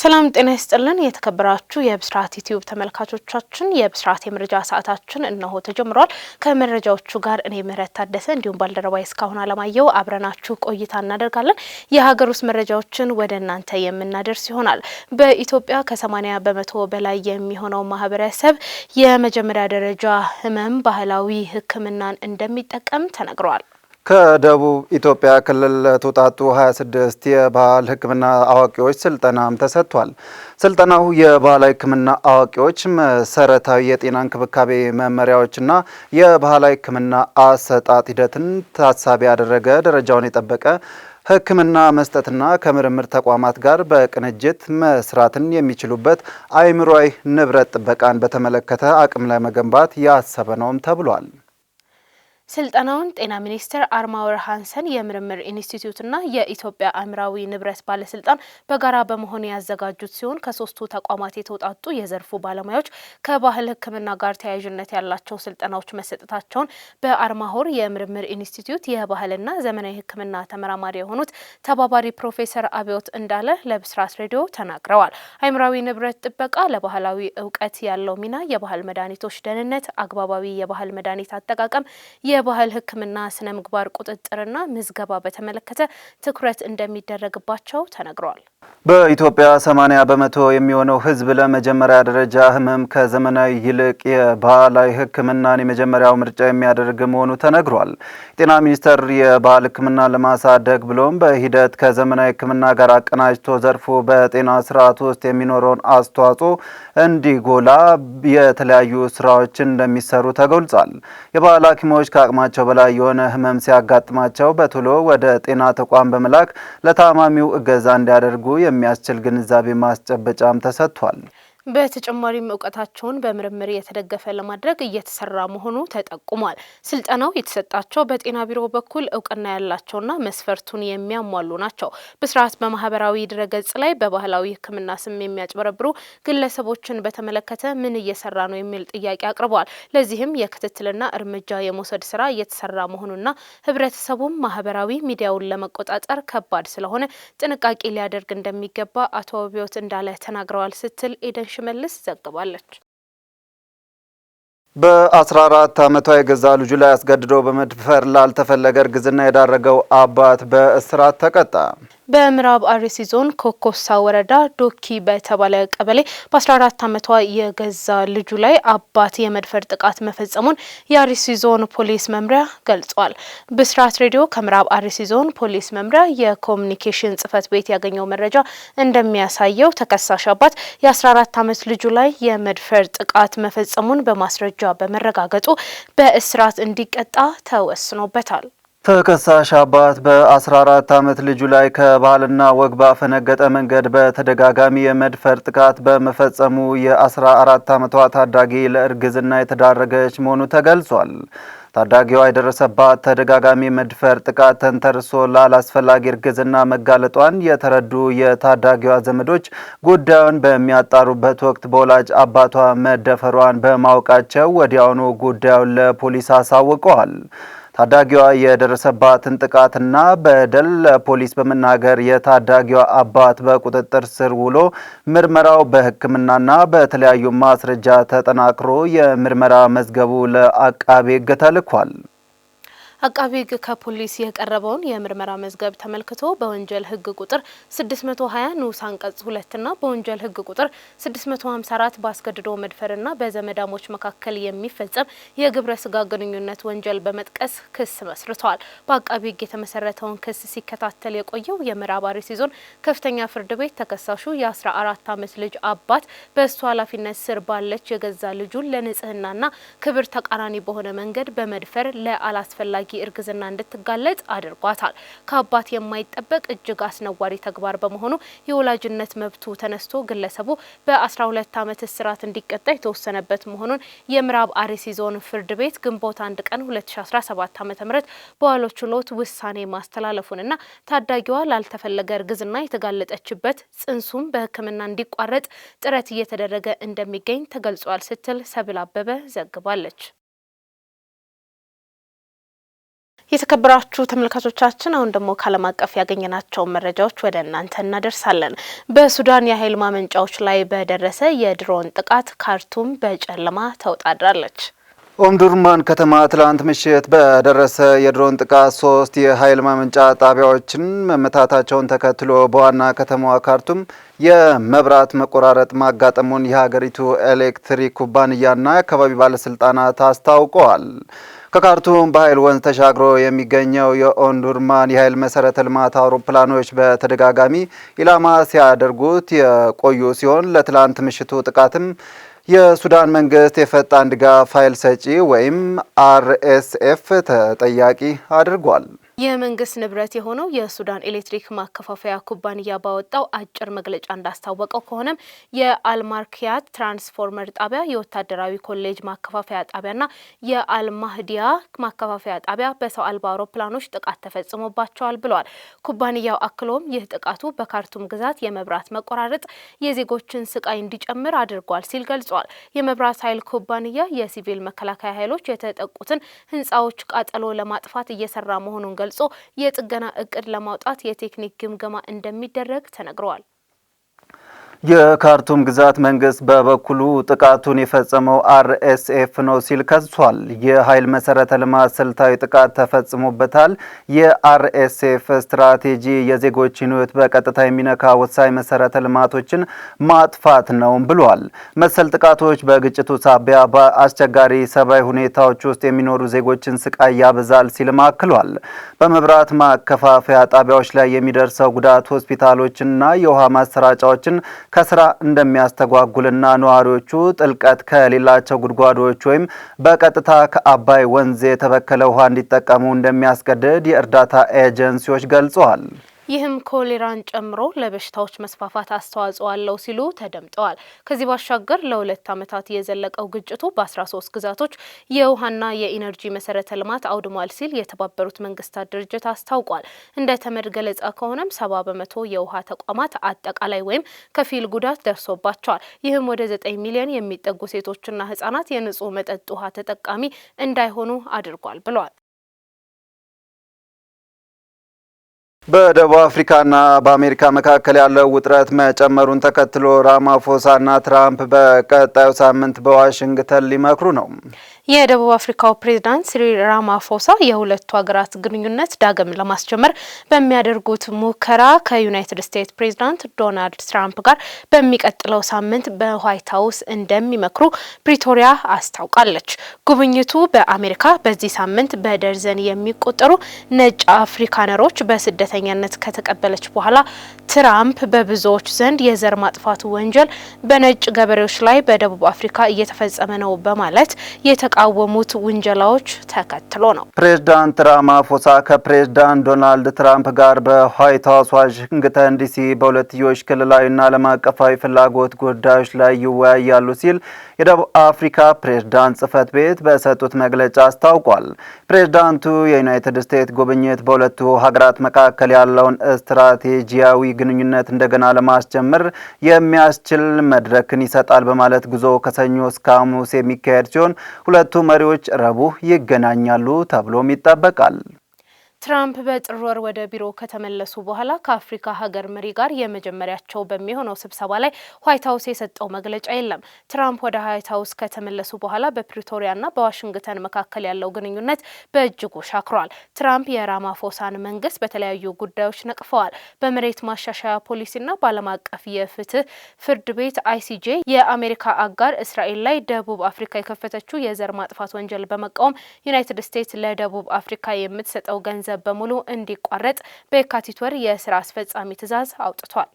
ሰላም ጤና ይስጥልን። የተከበራችሁ የብስራት ዩቲዩብ ተመልካቾቻችን የብስራት የመረጃ ሰዓታችን እነሆ ተጀምሯል። ከመረጃዎቹ ጋር እኔ ምህረት ታደሰ እንዲሁም ባልደረባ እስካሁን አለማየሁ አብረናችሁ ቆይታ እናደርጋለን። የሀገር ውስጥ መረጃዎችን ወደ እናንተ የምናደርስ ይሆናል። በኢትዮጵያ ከሰማኒያ በመቶ በላይ የሚሆነው ማህበረሰብ የመጀመሪያ ደረጃ ህመም ባህላዊ ሕክምናን እንደሚጠቀም ተነግሯል። ከደቡብ ኢትዮጵያ ክልል ለተውጣጡ 26 የባህል ሕክምና አዋቂዎች ስልጠናም ተሰጥቷል። ስልጠናው የባህላዊ ሕክምና አዋቂዎች መሰረታዊ የጤና እንክብካቤ መመሪያዎችና የባህላዊ ሕክምና አሰጣጥ ሂደትን ታሳቢ ያደረገ ደረጃውን የጠበቀ ሕክምና መስጠትና ከምርምር ተቋማት ጋር በቅንጅት መስራትን የሚችሉበት አእምሯዊ ንብረት ጥበቃን በተመለከተ አቅም ለመገንባት ያሰበ ነውም ተብሏል። ስልጠናውን ጤና ሚኒስቴር አርማወር ሃንሰን የምርምር ኢንስቲትዩትና የኢትዮጵያ አእምራዊ ንብረት ባለስልጣን በጋራ በመሆን ያዘጋጁት ሲሆን ከሶስቱ ተቋማት የተውጣጡ የዘርፉ ባለሙያዎች ከባህል ሕክምና ጋር ተያያዥነት ያላቸው ስልጠናዎች መሰጠታቸውን በአርማሆር የምርምር ኢንስቲትዩት የባህልና ዘመናዊ ሕክምና ተመራማሪ የሆኑት ተባባሪ ፕሮፌሰር አብዮት እንዳለ ለብስራት ሬዲዮ ተናግረዋል። አእምራዊ ንብረት ጥበቃ ለባህላዊ እውቀት ያለው ሚና፣ የባህል መድኃኒቶች ደህንነት፣ አግባባዊ የባህል መድኃኒት አጠቃቀም የባህል ሕክምና ስነ ምግባር ቁጥጥርና ምዝገባ በተመለከተ ትኩረት እንደሚደረግባቸው ተነግሯል። በኢትዮጵያ 80 በመቶ የሚሆነው ሕዝብ ለመጀመሪያ ደረጃ ህመም ከዘመናዊ ይልቅ የባህላዊ ህክምናን የመጀመሪያው ምርጫ የሚያደርግ መሆኑ ተነግሯል። ጤና ሚኒስቴር የባህል ህክምናን ለማሳደግ ብሎም በሂደት ከዘመናዊ ህክምና ጋር አቀናጅቶ ዘርፎ በጤና ስርዓት ውስጥ የሚኖረውን አስተዋጽኦ እንዲጎላ የተለያዩ ስራዎችን እንደሚሰሩ ተገልጿል። የባህል ሐኪሞች ከአቅማቸው በላይ የሆነ ህመም ሲያጋጥማቸው በቶሎ ወደ ጤና ተቋም በመላክ ለታማሚው እገዛ እንዲያደርጉ የሚያስችል ግንዛቤ ማስጨበጫም ተሰጥቷል። በተጨማሪም እውቀታቸውን በምርምር የተደገፈ ለማድረግ እየተሰራ መሆኑ ተጠቁሟል። ስልጠናው የተሰጣቸው በጤና ቢሮ በኩል እውቅና ያላቸውና መስፈርቱን የሚያሟሉ ናቸው። በስርዓት በማህበራዊ ድረገጽ ላይ በባህላዊ ሕክምና ስም የሚያጭበረብሩ ግለሰቦችን በተመለከተ ምን እየሰራ ነው የሚል ጥያቄ አቅርበዋል። ለዚህም የክትትልና እርምጃ የመውሰድ ስራ እየተሰራ መሆኑና ህብረተሰቡም ማህበራዊ ሚዲያውን ለመቆጣጠር ከባድ ስለሆነ ጥንቃቄ ሊያደርግ እንደሚገባ አቶ ቢዮት እንዳለ ተናግረዋል ስትል ኤደን ሽመልስ ዘግባለች። በ14 ዓመቷ የገዛ ልጁ ላይ አስገድዶ በመድፈር ላልተፈለገ እርግዝና የዳረገው አባት በእስራት ተቀጣ። በምዕራብ አርሲ ዞን ኮኮሳ ወረዳ ዶኪ በተባለ ቀበሌ በ14 ዓመቷ የገዛ ልጁ ላይ አባት የመድፈር ጥቃት መፈጸሙን የአርሲ ዞን ፖሊስ መምሪያ ገልጿል። ብስራት ሬዲዮ ከምዕራብ አርሲ ዞን ፖሊስ መምሪያ የኮሚኒኬሽን ጽህፈት ቤት ያገኘው መረጃ እንደሚያሳየው ተከሳሽ አባት የ14 ዓመት ልጁ ላይ የመድፈር ጥቃት መፈጸሙን በማስረጃ በመረጋገጡ በእስራት እንዲቀጣ ተወስኖበታል። ተከሳሽ አባት በ14 ዓመት ልጁ ላይ ከባህልና ወግ ባፈነገጠ መንገድ በተደጋጋሚ የመድፈር ጥቃት በመፈጸሙ የ14 ዓመቷ ታዳጊ ለእርግዝና የተዳረገች መሆኑ ተገልጿል። ታዳጊዋ የደረሰባት ተደጋጋሚ መድፈር ጥቃት ተንተርሶ ላላስፈላጊ እርግዝና መጋለጧን የተረዱ የታዳጊዋ ዘመዶች ጉዳዩን በሚያጣሩበት ወቅት በወላጅ አባቷ መደፈሯን በማወቃቸው ወዲያውኑ ጉዳዩን ለፖሊስ አሳውቀዋል። ታዳጊዋ የደረሰባትን ጥቃትና በደል ለፖሊስ በመናገር የታዳጊዋ አባት በቁጥጥር ስር ውሎ ምርመራው በሕክምናና በተለያዩ ማስረጃ ተጠናክሮ የምርመራ መዝገቡ ለአቃቤ ሕግ ተልኳል። አቃቢ ሕግ ከፖሊስ የቀረበውን የምርመራ መዝገብ ተመልክቶ በወንጀል ሕግ ቁጥር 620 ንዑስ አንቀጽ ና በወንጀል ሕግ ቁጥር 654 በአስገድዶ መድፈርና በዘመዳሞች መካከል የሚፈጸም የግብረ ስጋ ግንኙነት ወንጀል በመጥቀስ ክስ መስርተዋል። በአቃቤ ሕግ የተመሰረተውን ክስ ሲከታተል የቆየው የምዕራብ አርሲ ዞን ከፍተኛ ፍርድ ቤት ተከሳሹ የ14 ዓመት ልጅ አባት በእሱ ኃላፊነት ስር ባለች የገዛ ልጁን ለንጽህናና ክብር ተቃራኒ በሆነ መንገድ በመድፈር ለአላስፈላጊ ለአላስፈላጊ እርግዝና እንድትጋለጥ አድርጓታል። ከአባት የማይጠበቅ እጅግ አስነዋሪ ተግባር በመሆኑ የወላጅነት መብቱ ተነስቶ ግለሰቡ በ12 ዓመት እስራት እንዲቀጣ የተወሰነበት መሆኑን የምዕራብ አርሲ ዞን ፍርድ ቤት ግንቦት አንድ ቀን 2017 ዓ.ም በዋለ ችሎት ውሳኔ ማስተላለፉንና ታዳጊዋ ላልተፈለገ እርግዝና የተጋለጠችበት ጽንሱም በሕክምና እንዲቋረጥ ጥረት እየተደረገ እንደሚገኝ ተገልጿል ስትል ሰብል አበበ ዘግባለች። የተከበራችሁ ተመልካቾቻችን አሁን ደግሞ ከዓለም አቀፍ ያገኘናቸውን መረጃዎች ወደ እናንተ እናደርሳለን። በሱዳን የኃይል ማመንጫዎች ላይ በደረሰ የድሮን ጥቃት ካርቱም በጨለማ ተውጣድራለች። ኦምዱርማን ከተማ ትላንት ምሽት በደረሰ የድሮን ጥቃት ሶስት የኃይል ማመንጫ ጣቢያዎችን መመታታቸውን ተከትሎ በዋና ከተማዋ ካርቱም የመብራት መቆራረጥ ማጋጠሙን የሀገሪቱ ኤሌክትሪክ ኩባንያና የአካባቢ ባለስልጣናት አስታውቀዋል። ከካርቱም በኃይል ወንዝ ተሻግሮ የሚገኘው የኦንዱርማን የኃይል መሰረተ ልማት አውሮፕላኖች በተደጋጋሚ ኢላማ ሲያደርጉት የቆዩ ሲሆን ለትላንት ምሽቱ ጥቃትም የሱዳን መንግስት የፈጣን ድጋፍ ኃይል ሰጪ ወይም አርኤስኤፍ ተጠያቂ አድርጓል። የመንግስት ንብረት የሆነው የሱዳን ኤሌክትሪክ ማከፋፈያ ኩባንያ ባወጣው አጭር መግለጫ እንዳስታወቀው ከሆነም የአልማርኪያት ትራንስፎርመር ጣቢያ፣ የወታደራዊ ኮሌጅ ማከፋፈያ ጣቢያና የአልማህዲያ ማከፋፈያ ጣቢያ በሰው አልባ አውሮፕላኖች ጥቃት ተፈጽሞባቸዋል ብለዋል። ኩባንያው አክሎም ይህ ጥቃቱ በካርቱም ግዛት የመብራት መቆራረጥ የዜጎችን ስቃይ እንዲጨምር አድርጓል ሲል ገልጿል። የመብራት ኃይል ኩባንያ የሲቪል መከላከያ ኃይሎች የተጠቁትን ህንፃዎች ቃጠሎ ለማጥፋት እየሰራ መሆኑን ገልጾ የጥገና እቅድ ለማውጣት የቴክኒክ ግምገማ እንደሚደረግ ተነግረዋል። የካርቱም ግዛት መንግስት በበኩሉ ጥቃቱን የፈጸመው አርኤስኤፍ ነው ሲል ከሷል። የኃይል መሰረተ ልማት ስልታዊ ጥቃት ተፈጽሞበታል። የአርኤስኤፍ ስትራቴጂ የዜጎችን ህይወት በቀጥታ የሚነካ ወሳኝ መሰረተ ልማቶችን ማጥፋት ነው ብሏል። መሰል ጥቃቶች በግጭቱ ሳቢያ በአስቸጋሪ ሰብአዊ ሁኔታዎች ውስጥ የሚኖሩ ዜጎችን ስቃይ ያበዛል ሲልም አክሏል። በመብራት ማከፋፈያ ጣቢያዎች ላይ የሚደርሰው ጉዳት ሆስፒታሎችንና የውሃ ማሰራጫዎችን ከስራ እንደሚያስተጓጉልና ነዋሪዎቹ ጥልቀት ከሌላቸው ጉድጓዶች ወይም በቀጥታ ከአባይ ወንዝ የተበከለ ውሃ እንዲጠቀሙ እንደሚያስገድድ የእርዳታ ኤጀንሲዎች ገልጸዋል። ይህም ኮሌራን ጨምሮ ለበሽታዎች መስፋፋት አስተዋጽኦ አለው ሲሉ ተደምጠዋል። ከዚህ ባሻገር ለሁለት ዓመታት የዘለቀው ግጭቱ በ13 ግዛቶች የውሃና የኢነርጂ መሰረተ ልማት አውድሟል ሲል የተባበሩት መንግስታት ድርጅት አስታውቋል። እንደ ተመድ ገለጻ ከሆነም ሰባ በመቶ የውሃ ተቋማት አጠቃላይ ወይም ከፊል ጉዳት ደርሶባቸዋል። ይህም ወደ 9 ሚሊዮን የሚጠጉ ሴቶችና ህጻናት የንጹህ መጠጥ ውሃ ተጠቃሚ እንዳይሆኑ አድርጓል ብለዋል። በደቡብ አፍሪካና በአሜሪካ መካከል ያለው ውጥረት መጨመሩን ተከትሎ ራማፎሳና ትራምፕ በቀጣዩ ሳምንት በዋሽንግተን ሊመክሩ ነው። የደቡብ አፍሪካው ፕሬዝዳንት ሲሪል ራማፎሳ የሁለቱ ሀገራት ግንኙነት ዳግም ለማስጀመር በሚያደርጉት ሙከራ ከዩናይትድ ስቴትስ ፕሬዝዳንት ዶናልድ ትራምፕ ጋር በሚቀጥለው ሳምንት በዋይት ሀውስ እንደሚመክሩ ፕሪቶሪያ አስታውቃለች። ጉብኝቱ በአሜሪካ በዚህ ሳምንት በደርዘን የሚቆጠሩ ነጭ አፍሪካነሮች በስደተኛነት ከተቀበለች በኋላ ትራምፕ በብዙዎች ዘንድ የዘር ማጥፋቱ ወንጀል በነጭ ገበሬዎች ላይ በደቡብ አፍሪካ እየተፈጸመ ነው በማለት የተቃወሙት ውንጀላዎች ተከትሎ ነው። ፕሬዝዳንት ራማፎሳ ከፕሬዝዳንት ዶናልድ ትራምፕ ጋር በዋይት ሀውስ ዋሽንግተን ዲሲ በሁለትዮሽ ክልላዊና ዓለም አቀፋዊ ፍላጎት ጉዳዮች ላይ ይወያያሉ ሲል የደቡብ አፍሪካ ፕሬዝዳንት ጽህፈት ቤት በሰጡት መግለጫ አስታውቋል። ፕሬዝዳንቱ የዩናይትድ ስቴትስ ጉብኝት በሁለቱ ሀገራት መካከል ያለውን ስትራቴጂያዊ ግንኙነት እንደገና ለማስጀመር የሚያስችል መድረክን ይሰጣል በማለት ጉዞ ከሰኞ እስከ ሐሙስ የሚካሄድ ሲሆን ሁለ ሁለቱ መሪዎች ረቡዕ ይገናኛሉ ተብሎም ይጠበቃል። ትራምፕ በጥር ወር ወደ ቢሮ ከተመለሱ በኋላ ከአፍሪካ ሀገር መሪ ጋር የመጀመሪያቸው በሚሆነው ስብሰባ ላይ ዋይት ሀውስ የሰጠው መግለጫ የለም። ትራምፕ ወደ ዋይት ሀውስ ከተመለሱ በኋላ በፕሪቶሪያና በዋሽንግተን መካከል ያለው ግንኙነት በእጅጉ ሻክሯል። ትራምፕ የራማፎሳን መንግስት በተለያዩ ጉዳዮች ነቅፈዋል። በመሬት ማሻሻያ ፖሊሲና በዓለም አቀፍ የፍትህ ፍርድ ቤት አይሲጄ የአሜሪካ አጋር እስራኤል ላይ ደቡብ አፍሪካ የከፈተችው የዘር ማጥፋት ወንጀል በመቃወም ዩናይትድ ስቴትስ ለደቡብ አፍሪካ የምትሰጠው ገንዘብ ገንዘብ በሙሉ እንዲቋረጥ በየካቲት ወር የስራ አስፈጻሚ ትዕዛዝ አውጥቷል።